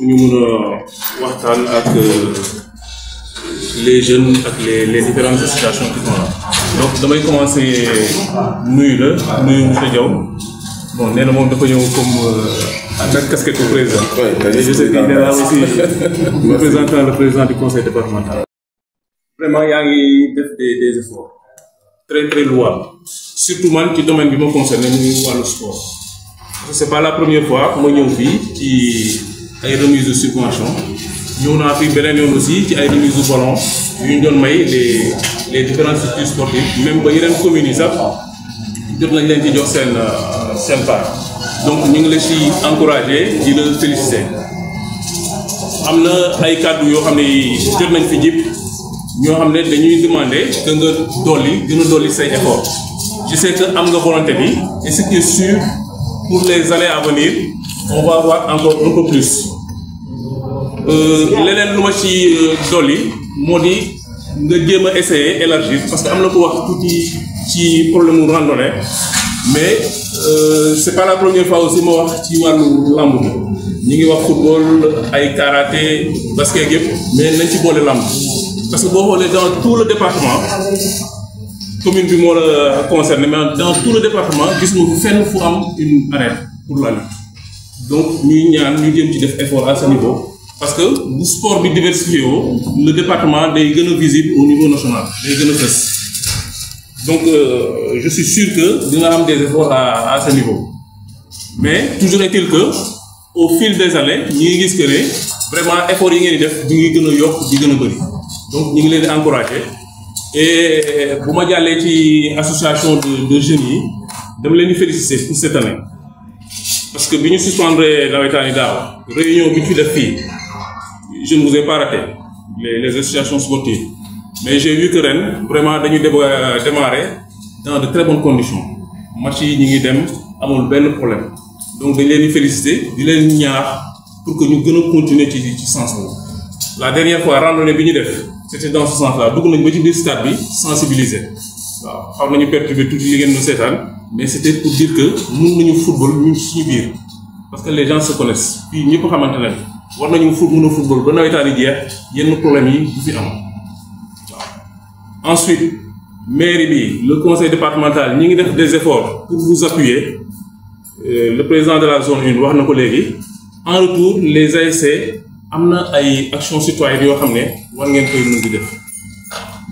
ñu mun a waxtaan ak euh, les jeunes ak les les différentes associations qui sont là donc damay commencer nuyu la nous, monsieur Diaw bon nee na moom dafa ñëw comme en euh, casquette président. je sais que nee aussi représentant le président du conseil départemental. vraiment il y a des des efforts très très loin, surtout dans ci domaine bi ma concerné muy wàllu sport. c'est pas la première fois ma ñëw fii ci ay remise de subvention ñëw naa fi beneen yoon aussi ci ay remise de ballon yu ñu doon may les les différentes structures sportives même ba yeneen communes yi sax jot nañ leen ci jox seen euh, seen part donc ñu ngi la ci encouragé di la félicité am na ay kàddu yoo xam ne jot nañ fi jip ñoo xam ne dañuy demandé que nga dolli gën a dolli say effort je sais que am nga volonté bi et ce qui est sûr pour les années à venir on va avoir encore un peu plus euh, leneen de ma ci euh, dolli moo di nga jéem essayer élargir parce que am na ko wax tuuti ci problème de randonnée mais euh, c'est pas la première fois aussi que wax ci l'amour. lamb ñi ngi wax football ay karaté basket mais nañ ci boole lamb parce que boo dans tout le département commune bi monde concerné mais dans tout le département nous, nga fenn une arène pour l'année donc nous avons ñu jëm ci effort à ce niveau parce que le sport bi diversifié le département est visible au niveau national day donc euh, je suis sûr que dina am des efforts à, ce niveau mais toujours est-il que au fil des années nous ngi vraiment effort yi ngeen di def donc nous ngi leen et bu ma jàllee ci association de de jeunes yi féliciter pour cette année parce que bi ñu suspendre la réunion habituelle ñu fi je ne vous ai pas raté les les associations sportives mais j'ai vu que ren vraiment dañu démarrer dans de très bonnes conditions Machi yi ñu ngi dem amul problème donc je les féliciter di leen ñaax pour que nous continuions dans continuer sens la dernière fois randonnée bi c'était dans ce sens là dugg nañ ba ci stade bi sensibiliser waaw xaw perturbé perturber tuuti de ngeen ñu mais c'était pour dire que nous, nañu football nous suñu biir parce que les gens se connaissent Puis, ñëpp ne war nañu nous football, nous football ba football. yi jeex yenn problème yi du fi am ensuite mairie le conseil départemental ñi ngi def des efforts pour vous appuyer euh, le président de la zone 1, wax na ko en retour les ASC ont fait ay actions citoyennes yoo ont fait war ngeen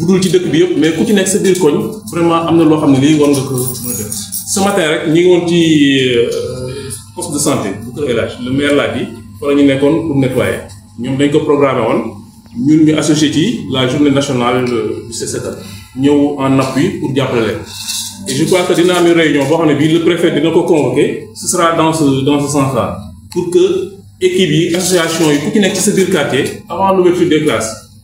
bu ci dëkk bi yëpp mais ku ci nekk sa biir koñ vraiment am na loo xam ne lii war nga ko mën def ce matin rek ñi ngi woon ci euh, poste de santé bu Kër El le maire laa di fa la ñu nekkoon pour nettoyer ñoom dañ ko programmé woon ñun ñu associé ci la journée nationale euh, du set setal ñëw en appui pour jàppale leen et je crois que dina am réunion boo xam ne bii le préfet dina ko convoqué ce sera dans ce dans ce sens là pour que équipe yi association yi ku ci nekk ci sa biir quartier avant l'ouverture des classes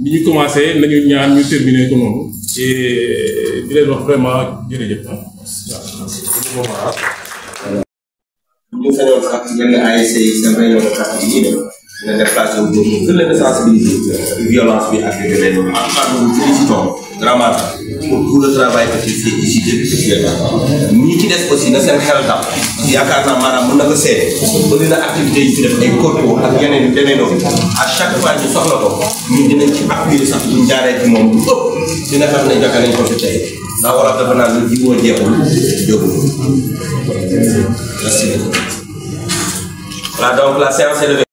ni ñu commencé nañu ñaan ñu terminer ko noonu et euh, di leen wax vraiment jërëjëf ah. waaw. ñu sañoon sax yenn ASC yi sa réunion de quartier yi ñuy def na def station boobu gën leen sensibiliser violence bi ak yeneen yi. ak kàddu gi ci tool. vraiment pour tout le travail que tu fais ici actuellement ñi ci des aussi na seen xel dal yaakaar naa maanaam mën na ko seede bëri na activités yi fi def ay corpo ak yeneen yu demee noonu à chaque fois ñu soxla ko ñun dinañ ci appuyer sax buñ jaaree ci moom lu ëpp dina xam ne naka lañ ko fi tey ndax wala dafa naan lu jiwoo jeexul jógul merci beaucoup voilà donc la séance